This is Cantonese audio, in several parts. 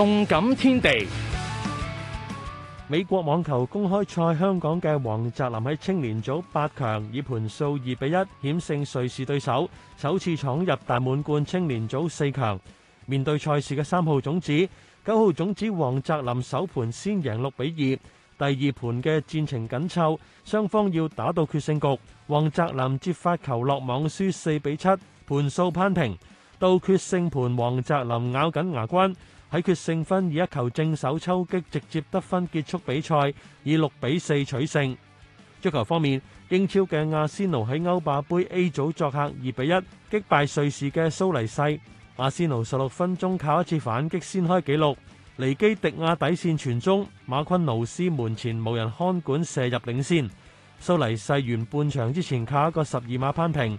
動感天地，美國網球公開賽，香港嘅黃澤林喺青年組八強以盤數二比一險勝瑞士對手，首次闖入大滿貫青年組四強。面對賽事嘅三號種子、九號種子黃澤林，首盤先贏六比二，第二盤嘅戰情緊湊，雙方要打到決勝局。黃澤林接發球落網，輸四比七，盤數攀平。到決勝盤，黃澤林咬緊牙關，喺決勝分以一球正手抽擊直接得分，結束比賽，以六比四取勝。足球方面，英超嘅阿仙奴喺歐霸杯 A 組作客二比一擊敗瑞士嘅蘇黎世。阿仙奴十六分鐘靠一次反擊先開紀錄，尼基迪亞底線傳中，馬昆奴斯門前無人看管射入領先。蘇黎世完半場之前靠一個十二碼扳平。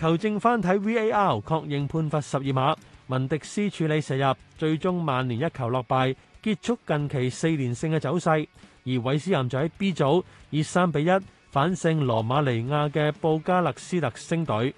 球證翻睇 VAR 確認判罰十二碼，文迪斯處理射入，最終曼聯一球落敗，結束近期四連勝嘅走勢。而韋斯咸就喺 B 組以三比一反勝羅馬尼亞嘅布加勒斯特星隊。